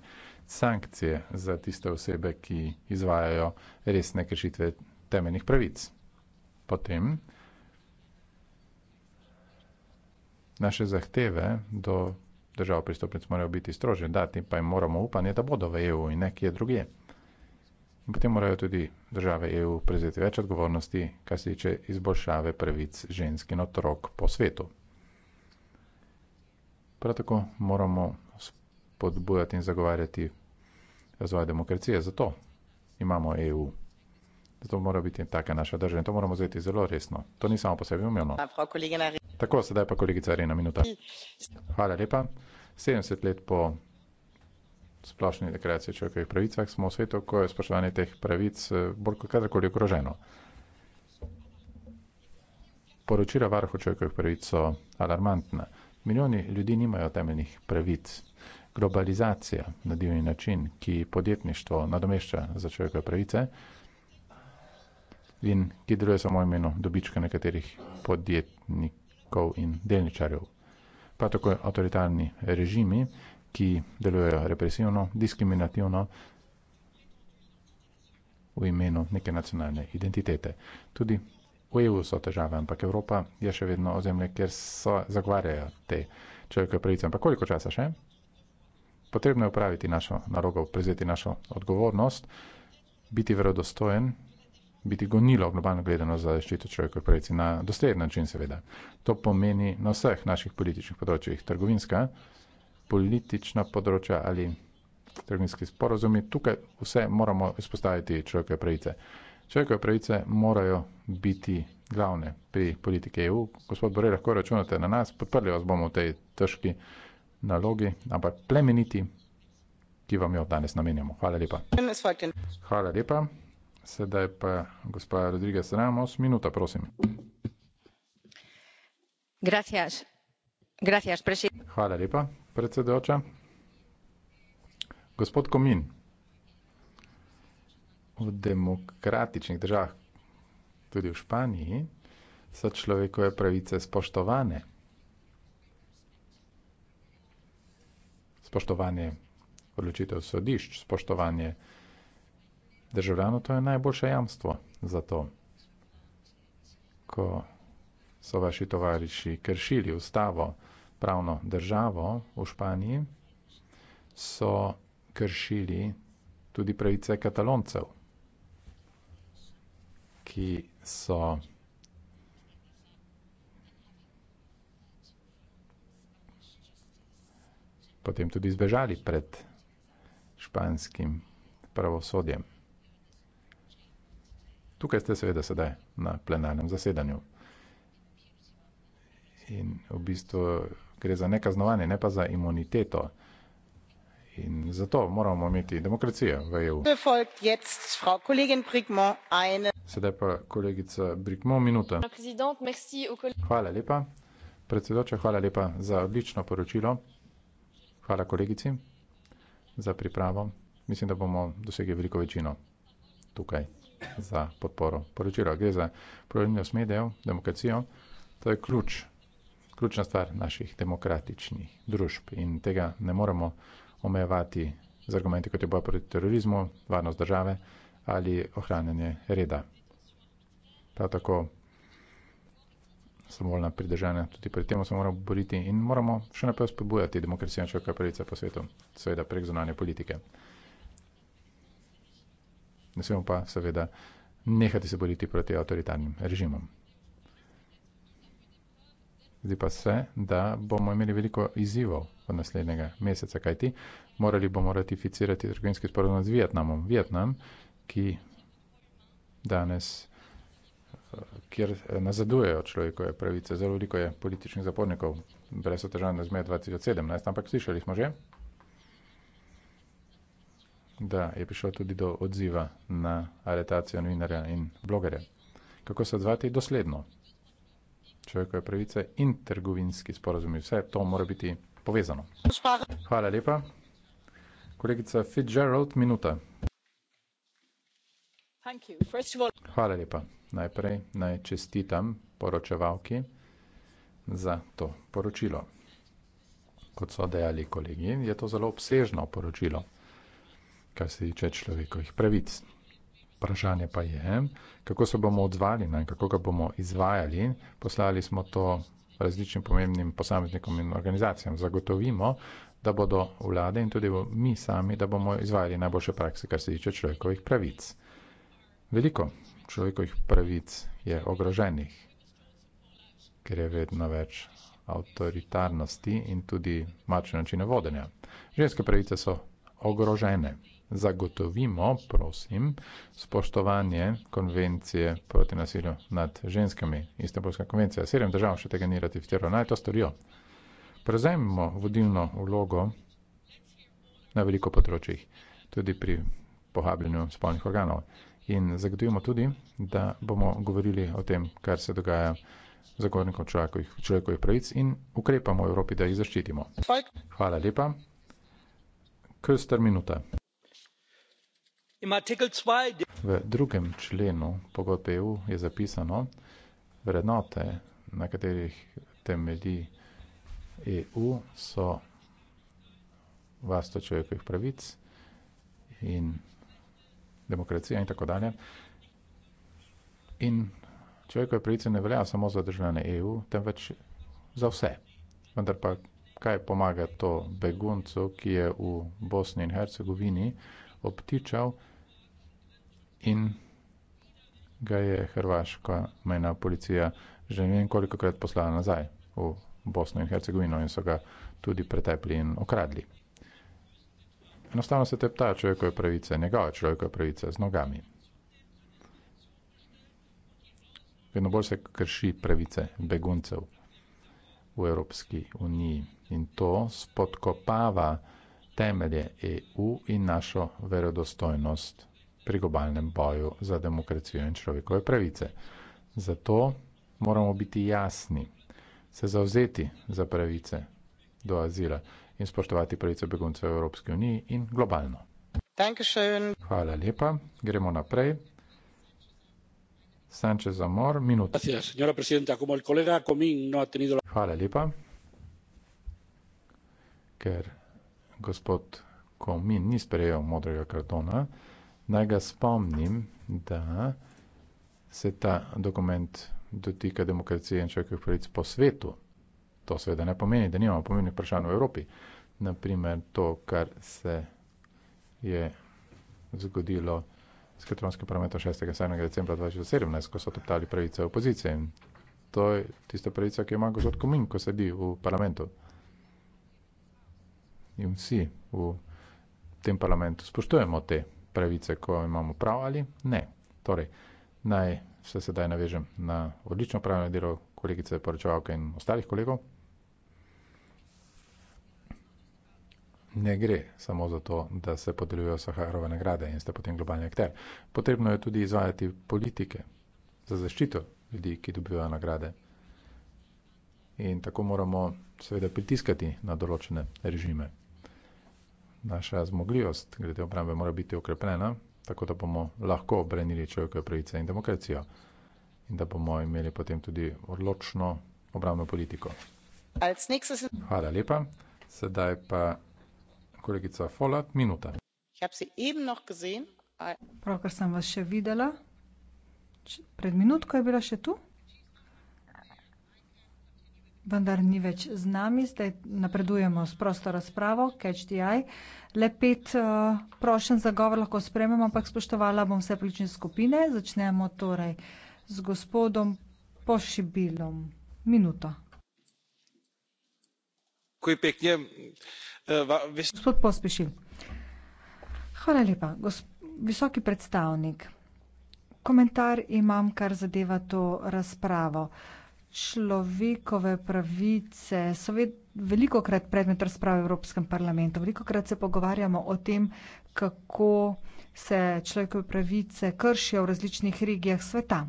sankcije za tiste osebe, ki izvajajo resne kršitve temeljnih pravic. Potem naše zahteve do držav pristopnic morajo biti strože, dati pa jim moramo upanje, da bodo v EU in nekje druge. In potem morajo tudi države EU prevzeti več odgovornosti, kar se tiče izboljšave pravic žensk in otrok po svetu. Prav tako moramo spodbujati in zagovarjati razvoja demokracije, zato imamo EU. Zato mora biti taka naša država in to moramo vzeti zelo resno. To ni samo po sebi umevno. Tako, sedaj pa kolegica Arena, minuta. Hvala lepa. 70 let po splošni deklaraciji o človekovih pravicah smo v svetu, ko je spoštovanje teh pravic eh, bolj kot kadarkoli ogroženo. Poročila varuha človekovih pravic so alarmantna. Milijoni ljudi nimajo temeljnih pravic globalizacija na divni način, ki podjetništvo nadomešča za človekove pravice in ki deluje samo v imenu dobička nekaterih podjetnikov in delničarjev. Pa tako avtoritarni režimi, ki delujejo represivno, diskriminativno v imenu neke nacionalne identitete. Tudi v EU so težave, ampak Evropa je še vedno ozemlje, kjer so zagovarjajo te človekove pravice. Ampak koliko časa še? potrebno je upraviti našo narogo, prezeti našo odgovornost, biti verodostojen, biti gonilo globalno gledano za zaščito človekovih pravic na dosteden način, seveda. To pomeni na vseh naših političnih področjih, trgovinska, politična področja ali trgovinski sporozumi. Tukaj vse moramo izpostaviti človekove pravice. Človekove pravice morajo biti glavne pri politike EU. Gospod Borel, lahko računate na nas, podprli vas bomo v tej težki nalogi, ampak plemeniti, ki vam jo danes namenjamo. Hvala lepa. Hvala lepa. Sedaj pa gospa Rodriga Sramos, minuta, prosim. Gracias. Gracias, Hvala lepa, predsedoča. Gospod Komin, v demokratičnih državah, tudi v Španiji, so človekove pravice spoštovane. spoštovanje odločitev sodišč, spoštovanje državljanov, to je najboljše jamstvo za to. Ko so vaši tovariši kršili ustavo, pravno državo v Španiji, so kršili tudi pravice kataloncev, ki so potem tudi zbežali pred španskim pravosodjem. Tukaj ste seveda sedaj na plenarnem zasedanju. In v bistvu gre za nekaznovanje, ne pa za imuniteto. In zato moramo imeti demokracijo v EU. Sedaj pa kolegica Brigmont, minuta. Hvala lepa. Predsedoče, hvala lepa za odlično poročilo. Hvala kolegici za pripravo. Mislim, da bomo dosegli veliko večino tukaj za podporo poročila. Gre za problemno smedejo, demokracijo. To je ključ, ključna stvar naših demokratičnih družb in tega ne moremo omejevati z argumenti, kot je boj proti terorizmu, varnost države ali ohranjanje reda. Prav tako so morala pridržana, tudi pred tem se moramo boriti in moramo še naprej spodbujati demokracijo in človekove pravice po svetu, seveda prek zunanje politike. Ne smemo pa seveda nehati se boriti proti avtoritarnim režimom. Zdi pa se, da bomo imeli veliko izzivov od naslednjega meseca, kajti morali bomo ratificirati trgovinski sporozum z Vietnamom. Vietnam, ki danes kjer eh, nazadujejo človekove pravice. Zelo veliko je političnih zapornikov brez otežavne zmeje 2017, ampak slišali smo že, da je prišlo tudi do odziva na aretacijo novinarja in blogerja. Kako se odzvati dosledno? Človekove pravice in trgovinski sporozumi, vse to mora biti povezano. Hvala lepa. Kolegica Fitzgerald, minuta. Hvala lepa. Najprej naj čestitam poročevalki za to poročilo. Kot so dejali kolegi, je to zelo obsežno poročilo, kar se tiče človekovih pravic. Vprašanje pa je, kako se bomo odzvali na in kako ga bomo izvajali. Poslali smo to različnim pomembnim posameznikom in organizacijam. Zagotovimo, da bodo vlade in tudi mi sami, da bomo izvajali najboljše prakse, kar se tiče človekovih pravic. Veliko človekovih pravic je ogroženih, ker je vedno več avtoritarnosti in tudi mačne načine vodenja. Ženske pravice so ogrožene. Zagotovimo, prosim, spoštovanje konvencije proti nasilju nad ženskami. Istanbulska konvencija sedem držav še tega ni ratificirala, naj to storijo. Prevzemimo vodilno vlogo na veliko področjih, tudi pri pohabljanju spolnih organov in zagotovimo tudi, da bomo govorili o tem, kar se dogaja zagovornikom človekovih, človekovih pravic in ukrepamo v Evropi, da jih zaščitimo. Hvala lepa. Kostar minuta. V drugem členu pogodbe EU je zapisano vrednote, na katerih temelji EU, so varstvo človekovih pravic in demokracija in tako dalje. In človekove pravice ne velja samo za državljane EU, temveč za vse. Vendar pa kaj pomaga to beguncu, ki je v Bosni in Hercegovini obtičal in ga je hrvaška mejna policija že ne vem kolikokrat poslala nazaj v Bosno in Hercegovino in so ga tudi pretepli in okradli. Enostavno se tepta človekove pravice, njegove človekove pravice z nogami. Vedno bolj se krši pravice beguncev v Evropski uniji in to spodkopava temelje EU in našo verodostojnost pri globalnem boju za demokracijo in človekove pravice. Zato moramo biti jasni, se zavzeti za pravice do azila in spoštovati pravice beguncev v Evropski uniji in globalno. Hvala lepa. Gremo naprej. Sanchez Amor, minuta. No Hvala lepa. Ker gospod Komin ni sprejel modrega kartona, naj ga spomnim, da se ta dokument dotika demokracije in človekovih pravic po svetu. To seveda ne pomeni, da nimamo pomembnih vprašanj v Evropi. Naprimer, to, kar se je zgodilo s katronskim parlamentom 6. in 7. decembra 2017, ko so toptali pravice opozicije. To je tista pravica, ki jo ima gospod Komin, ko sedi v parlamentu. In vsi v tem parlamentu spoštujemo te pravice, ko imamo prav ali ne. Torej, naj se sedaj navežem na odlično pravno delo kolegice poročevalke in ostalih kolegov. ne gre samo za to, da se podeljujejo Saharove nagrade in ste potem globalni akter. Potrebno je tudi izvajati politike za zaščito ljudi, ki dobivajo nagrade. In tako moramo seveda pritiskati na določene režime. Naša zmogljivost glede obrambe mora biti okrepljena, tako da bomo lahko obrenili človekove pravice in demokracijo in da bomo imeli potem tudi odločno obrambno politiko. Hvala lepa. Sedaj pa kolegica Folat, minuta. Pravkar sem vas še videla. Pred minutko je bila še tu. Vendar ni več z nami, zdaj napredujemo s prosto razpravo, catch the eye. Le pet uh, eh, prošen za govor lahko spremem, ampak spoštovala bom vse politične skupine. Začnemo torej z gospodom Pošibilom. Minuto. Ko je pekne, Eh, Gospod Pospešil, hvala lepa. Gos visoki predstavnik, komentar imam, kar zadeva to razpravo. Človekove pravice so veliko krat predmet razprave v Evropskem parlamentu. Veliko krat se pogovarjamo o tem, kako se človekove pravice kršijo v različnih regijah sveta.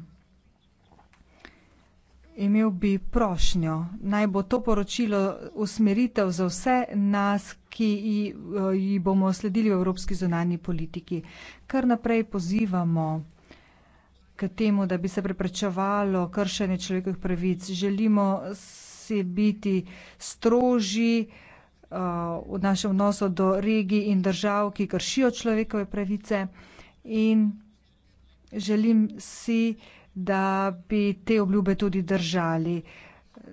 Imel bi prošnjo, naj bo to poročilo usmeritev za vse nas, ki eh, ji bomo sledili v evropski zunanji politiki. Kar naprej pozivamo k temu, da bi se preprečevalo kršenje človekovih pravic. Želimo si biti stroži eh, v našem odnosu do regij in držav, ki kršijo človekove pravice in želim si, da bi se preprečevalo kršenje človekovih pravic da bi te obljube tudi držali.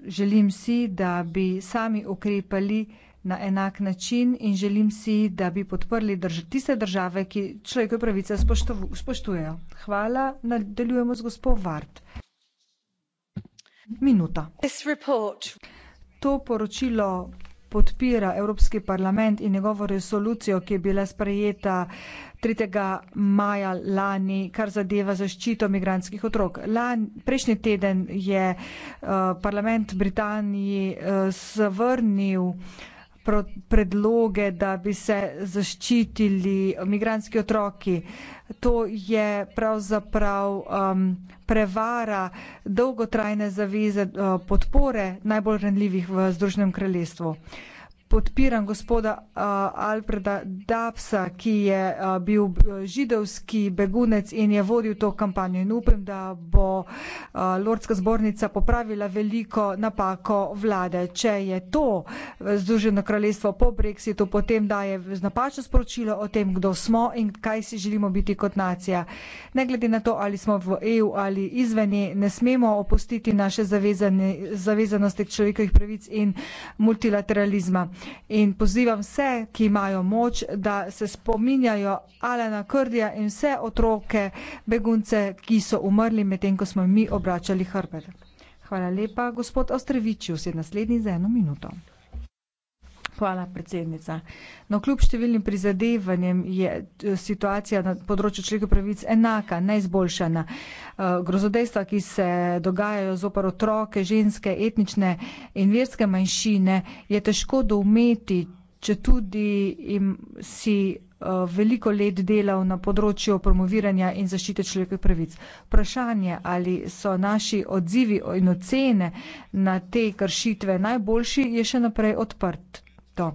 Želim si, da bi sami ukrepali na enak način in želim si, da bi podprli drž tiste države, ki človekove pravice spoštujejo. Hvala. Nadaljujemo z gospod Vart. Minuta. To poročilo podpira Evropski parlament in njegovo resolucijo, ki je bila sprejeta 3. maja lani, kar zadeva zaščito migranskih otrok. Lani, prejšnji teden je uh, parlament Britaniji uh, zavrnil predloge, da bi se zaščitili migranski otroki. To je pravzaprav um, prevara dolgotrajne zaveze uh, podpore najbolj ranljivih v Združenem kraljestvu. Uh, podpiram gospoda Alfreda Dabsa, ki je bil židovski begunec in je vodil to kampanjo in upam, da bo Lordska zbornica popravila veliko napako vlade. Če je to Združeno kraljestvo po Brexitu, potem daje napačno sporočilo o tem, kdo smo in kaj si želimo biti kot nacija. Ne glede na to, ali smo v EU ali izveni, e ne smemo opustiti naše zavezanosti človekovih pravic in multilateralizma in pozivam vse, ki imajo moč, da se spominjajo Alena Krdija in vse otroke, begunce, ki so umrli medtem, ko smo mi obračali hrbet. Hvala lepa, gospod Ostrevičius je naslednji za eno minuto. Hvala, predsednica. No, kljub številnim prizadevanjem je e, situacija na področju človekovih pravic enaka, neizboljšana. E, grozodejstva, ki se dogajajo zopar otroke, ženske, etnične in verske manjšine, je težko doumeti, če tudi si e, veliko let delal na področju promoviranja in zaščite človekovih pravic. Vprašanje, ali so naši odzivi in ocene na te kršitve najboljši, je še naprej odprt leto.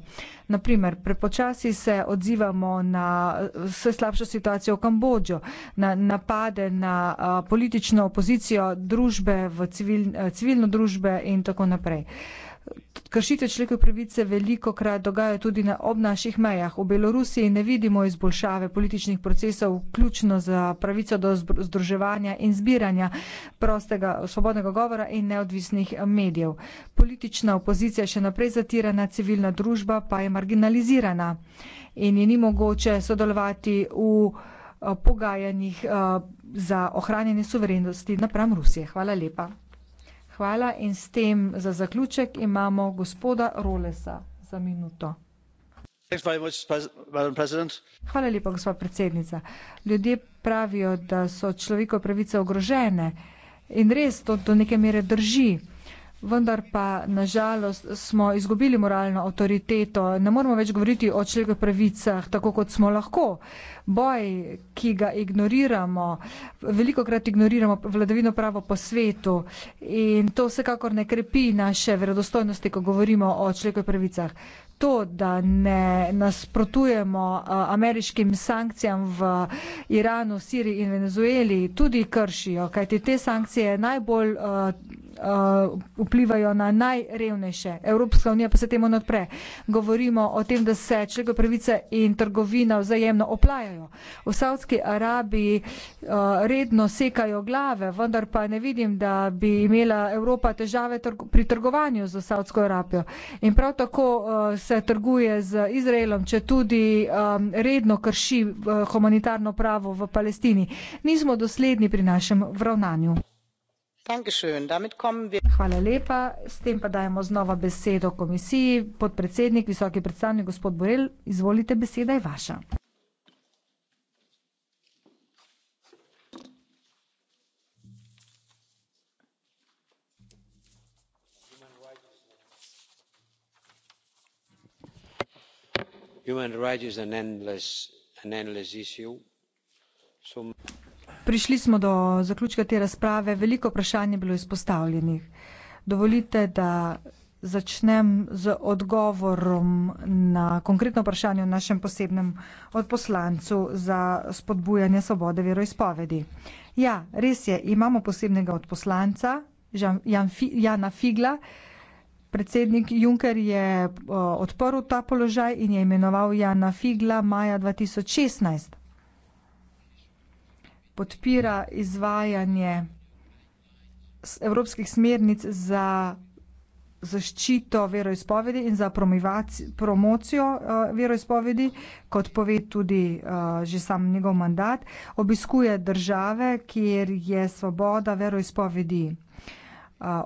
Naprimer, prepočasi se odzivamo na vse slabšo situacijo v Kambodžo, na napade na politično opozicijo, družbe, civil, civilno družbe in tako naprej. Uh, Kršitve človekove pravice veliko krat dogajajo tudi na, ob naših mejah. V Belorusiji ne vidimo izboljšave političnih procesov, vključno za pravico do združevanja in zbiranja prostega, svobodnega govora in neodvisnih medijev. Politična opozicija je še naprej zatirana, civilna družba pa je marginalizirana in je ni mogoče sodelovati v eh, pogajanjih eh, za ohranjanje suverenosti napram Rusije. Hvala lepa. Hvala in s tem za zaključek imamo gospoda Rolesa za minuto. Hvala lepa, gospa predsednica. Ljudje pravijo, da so človekove pravice ogrožene. In res, to do neke mere drži vendar pa nažalost smo izgubili moralno avtoriteto, ne moramo več govoriti o človekovih pravicah, tako kot smo lahko. Boj, ki ga ignoriramo, veliko krat ignoriramo vladavino pravo po svetu in to vsekakor ne krepi naše verodostojnosti, ko govorimo o človekovih pravicah. To, da ne nasprotujemo ameriškim sankcijam v Iranu, Siriji in Venezueli, tudi kršijo, kajti te sankcije najbolj. Uh, Uh, vplivajo na najrevnejše. Evropska unija pa se temu nadpre. Govorimo o tem, da se človekove pravice in trgovina vzajemno oplajajo. V Saudski Arabiji uh, redno sekajo glave, vendar pa ne vidim, da bi imela Evropa težave pri trgovanju z Saudsko Arabijo. In prav tako uh, se trguje z Izraelom, če tudi um, redno krši humanitarno pravo v Palestini. Nismo dosledni pri našem ravnanju hvala lepa s tem pa dajemo znova besedo komisiji podpredsednik visoki predstavnik gospod borrell izvolite beseda je vaša. Prišli smo do zaključka te razprave. Veliko vprašanj je bilo izpostavljenih. Dovolite, da začnem z odgovorom na konkretno vprašanje o našem posebnem odposlancu za spodbujanje svobode veroizpovedi. Ja, res je, imamo posebnega odposlanca, Jan, Jan, Jana Figla. Predsednik Juncker je eh, odprl ta položaj in je imenoval Jana Figla maja 2016 podpira izvajanje evropskih smernic za zaščito veroizpovedi in za promocijo uh, veroizpovedi, kot pove tudi uh, že sam njegov mandat, obiskuje države, kjer je svoboda veroizpovedi uh,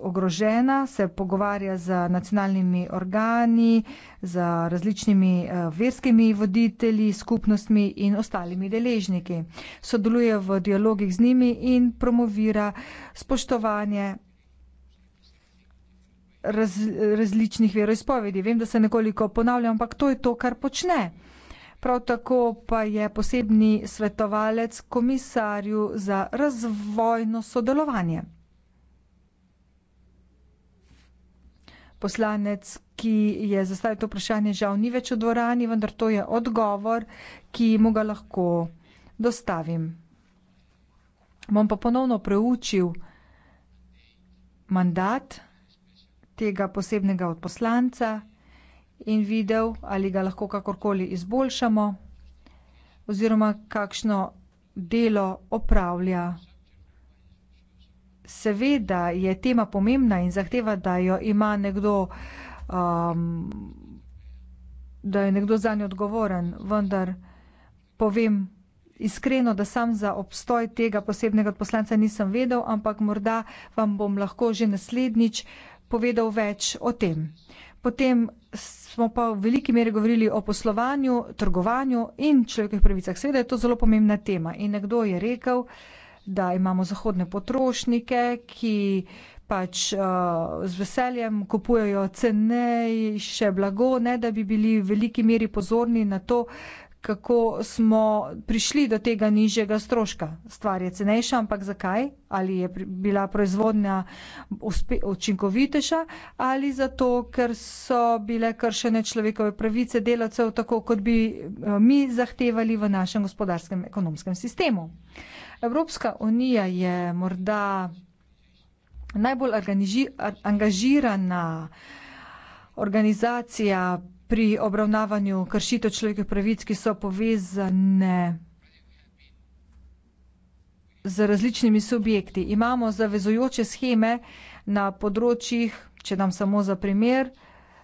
ogrožena, se pogovarja z nacionalnimi organi, z različnimi eh, verskimi voditelji, skupnostmi in ostalimi deležniki. Sodeluje v dialogih z njimi in promovira spoštovanje raz, različnih veroizpovedi. Vem, da se nekoliko ponavljam, ampak to je to, kar počne. Prav tako pa je posebni svetovalec komisarju za razvojno sodelovanje. poslanec, ki je zastavil to vprašanje, žal ni več v dvorani, vendar to je odgovor, ki mu ga lahko dostavim. Bom pa ponovno preučil mandat tega posebnega odposlanca in videl, ali ga lahko kakorkoli izboljšamo oziroma kakšno delo opravlja seveda je tema pomembna in zahteva, da jo ima nekdo, um, da je nekdo za njo odgovoren, vendar povem iskreno, da sam za obstoj tega posebnega odposlanca nisem vedel, ampak morda vam bom lahko že naslednjič povedal več o tem. Potem smo pa v veliki meri govorili o poslovanju, trgovanju in človekovih pravicah. Seveda je to zelo pomembna tema in nekdo je rekel, uh, da imamo zahodne potrošnike, ki pač uh, z veseljem kupujejo cenejše blago, ne da bi bili v veliki meri pozorni na to, kako smo prišli do tega nižjega stroška. Stvar je cenejša, ampak zakaj? Ali je bila proizvodnja učinkovitejša ali zato, ker so bile kršene človekove pravice delavcev tako, kot bi eh, mi zahtevali v našem gospodarskem ekonomskem sistemu. Uh, Evropska unija je morda najbolj angažirana organizacija pri obravnavanju kršitev človekovih pravic, ki so povezane z različnimi subjekti. Imamo zavezujoče scheme na področjih, če dam samo za primer,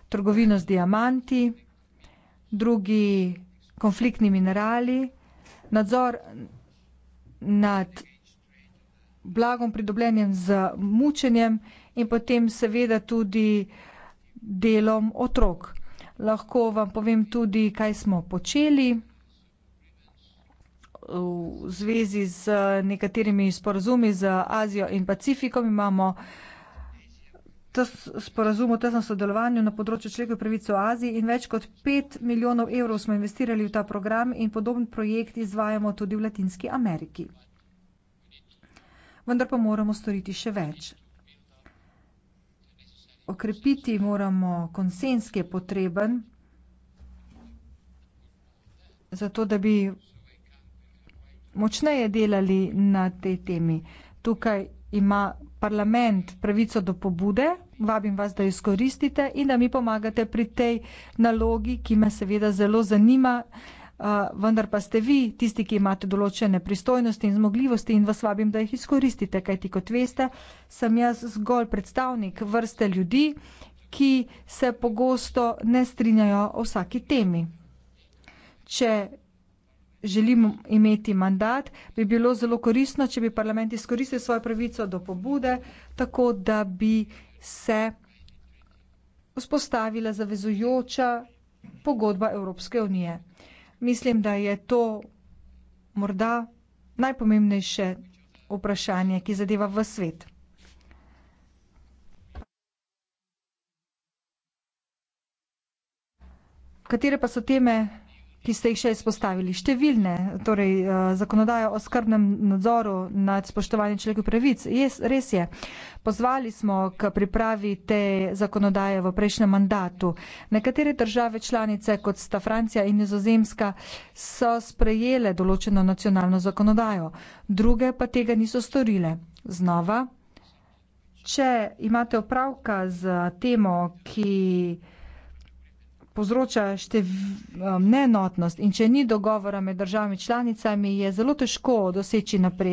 trgovino z diamanti, drugi konfliktni minerali, nadzor nad blagom pridobljenjem z mučenjem in potem seveda tudi delom otrok. Lahko vam povem tudi, kaj smo počeli v zvezi z nekaterimi sporazumi z Azijo in Pacifikom. Imamo sporazum o tesnem sodelovanju na področju človekove pravice v Aziji in več kot pet milijonov evrov smo investirali v ta program in podoben projekt izvajamo tudi v Latinski Ameriki. Vendar pa moramo storiti še več. Okrepiti moramo konsens, ki je potreben, zato da bi močneje delali na tej temi. Tukaj ima parlament pravico do pobude, vabim vas, da jo izkoristite in da mi pomagate pri tej nalogi, ki me seveda zelo zanima. Uh, vendar pa ste vi tisti, ki imate določene pristojnosti in zmogljivosti in vas vabim, da jih izkoristite, kajti kot veste, sem jaz zgolj predstavnik vrste ljudi, ki se pogosto ne strinjajo o vsaki temi. Če želim imeti mandat, bi bilo zelo korisno, če bi parlament izkoristil svojo pravico do pobude, tako da bi se vzpostavila zavezujoča pogodba Evropske unije. Mislim, da je to morda najpomembnejše vprašanje, ki zadeva v svet. Katere pa so teme, ki ste jih še izpostavili, številne, torej eh, zakonodajo o skrbnem nadzoru nad spoštovanjem človekovih pravic. Jes, res je, pozvali smo k pripravi te zakonodaje v prejšnjem mandatu. Nekatere države članice, kot sta Francija in Nizozemska, so sprejele določeno nacionalno zakonodajo, druge pa tega niso storile. Znova, če imate opravka z temo, ki povzroča eh, neenotnost in če ni dogovora med državami članicami je zelo težko doseči napredek.